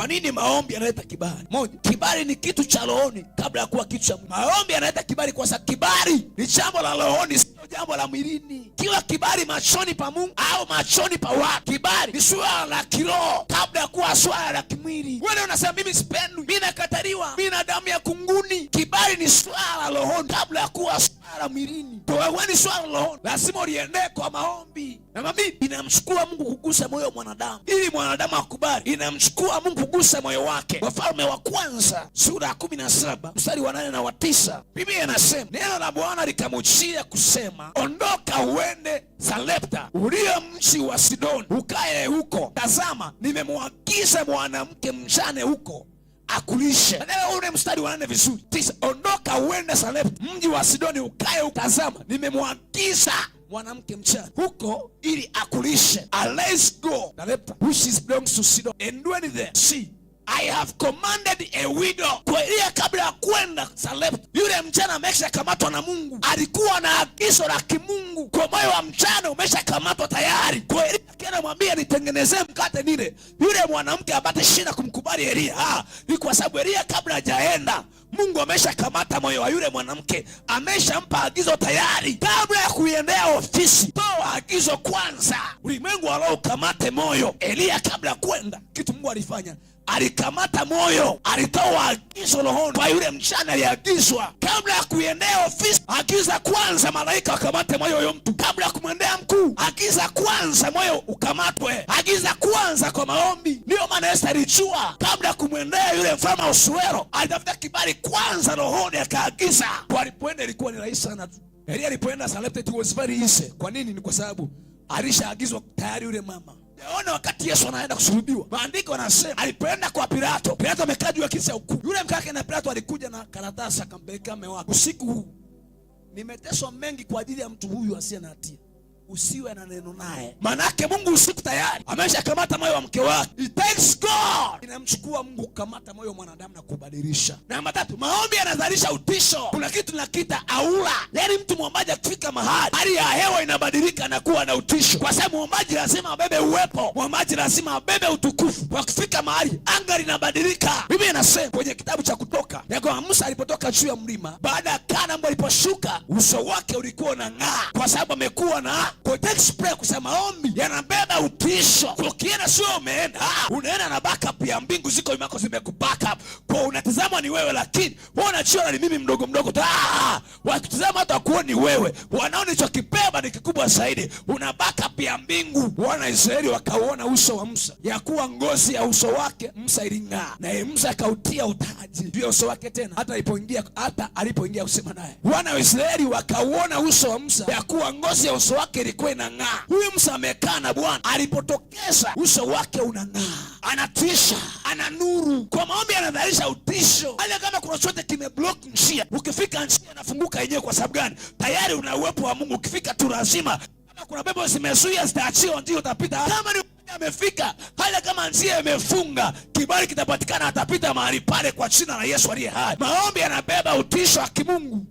Kwa nini maombi yanaleta kibali? Moja, kibali ni kitu cha rohoni kabla ya kuwa kitu cha mwili. Maombi yanaleta kibali kwa sababu kibali ni jambo la rohoni, sio jambo la mwilini. Kila kibali machoni pa Mungu au machoni pa watu, kibali ni swala la kiroho kabla ya kuwa swala la kimwili. Wewe unasema mimi sipendwi, mimi nakataliwa, mimi na damu ya kunguni. Kibali ni swala la rohoni kabla ya kuwa kulala mwilini. Toweni swala rohoni, lazima uliendee kwa maombi. Namwambia inamchukua Mungu kugusa moyo wa mwanadamu ili mwanadamu akubali, inamchukua Mungu kugusa moyo wake. Wafalme wa Kwanza sura ya kumi na saba mstari wa nane na wa tisa Biblia inasema neno la Bwana likamujia kusema, ondoka uende Sarepta ulio mji wa Sidoni ukae huko. Tazama, nimemwagiza mwanamke mjane huko akulishe. Naelewa ule mstari wa nane vizuri. Tisa, ondoka uende Sarepta mji wa Sidoni ukae ukazama, nimemwagiza mwanamke mchana huko ili akulishe. Ah, let's go Sarepta which is belongs to Sidon and dwell there. See I have commanded a widow. Kwa hiyo kabla ya kwenda Sarepta, yule mchana ameshakamatwa na Mungu, alikuwa na agizo la kimungu. Kwa moyo wa mchana umeshakamatwa tayari. Kwa hiyo mwanamke anamwambia nitengenezee mkate nile, yule mwanamke apate shida kumkubali Elia. Ah, ni kwa sababu Elia kabla hajaenda Mungu ameshakamata moyo wa yule mwanamke, ameshampa agizo tayari. Kabla ya kuiendea ofisi, toa agizo kwanza, ulimwengu wa roho ukamate moyo. Elia kabla ya kwenda, kitu Mungu alifanya alikamata moyo, alitoa agizo rohoni kwa yule mchana. Aliagizwa kabla ya kuiendea ofisi, agiza kwanza malaika akamate moyo huyo mtu. Kabla ya kumwendea mkuu, agiza kwanza moyo ukamatwe, agiza kwanza kwa maombi. Ndiyo maana Yesu alijua kabla ya kumwendea yule mfalme Ahasuero, alitafuta kibali kwanza rohoni, akaagiza Alipoenda ilikuwa ni rahisi sana tu. Elia alipoenda Sarepta, it was very easy. Kwa nini? Ni kwa sababu alishaagizwa tayari yule mama Ona wakati Yesu anaenda kusulubiwa, maandiko anasema alipoenda kwa Pilato, Pilato amekaa juu ya kiti cha hukumu. Yule mkake na Pilato alikuja na karatasi akampelekea mume wake, usiku huu nimeteswa mengi kwa ajili ya mtu huyu asiye na hatia usiwe na neno naye, manake Mungu usiku tayari ameshakamata moyo wa mke wake. It takes God, inamchukua Mungu kukamata moyo wa mwanadamu na kubadilisha. Namba tatu, maombi yanazalisha utisho. Kuna kitu nakita aura, yaani mtu mwombaji akifika mahali hali ya hewa inabadilika na kuwa na utisho, kwa sababu mwombaji lazima abebe uwepo, mwombaji lazima abebe utukufu. Wakifika mahali anga linabadilika. Biblia inasema kwenye kitabu cha Kutoka ya kwamba Musa alipotoka juu ya mlima, baada ya Kana aliposhuka, uso wake ulikuwa unang'aa, kwa sababu amekuwa na Context kusema ombi yanabeba utisho. Ukienda sio umeenda, ah, unaenda na backup ya mbingu ziko imako zimekubackup ni wewe, lakini wanachiona ni mimi mdogo mdogo. Ah, Wakitazama hata kuoni wewe, wanaona hicho kipemba ni kikubwa zaidi, unabaka pia mbingu. mbingu. Israeli wakauona uso wa Musa ya kuwa ngozi ya uso wake Musa iling'aa, naye Musa akautia utaji juu ya uso wake, tena hata alipoingia hata alipoingia kusema naye. Wana Israeli wakauona uso wa Musa ya kuwa ngozi ya uso wake ilikuwa inang'aa. Huyu Musa amekaa na Bwana, alipotokeza uso wake unang'aa anatisha ana nuru. Kwa maombi anadharisha utisho, hata kama kuna chochote kimeblock njia. Ukifika njia anafunguka yenyewe. Kwa sababu gani? Tayari una uwepo wa Mungu. Ukifika tu lazima, kama kuna pepo zimezuia zitaachiwa, ndio utapita. Kama ni amefika hata kama njia imefunga, kibali kitapatikana, atapita mahali pale kwa jina la Yesu aliye hai. Maombi yanabeba utisho wa kimungu.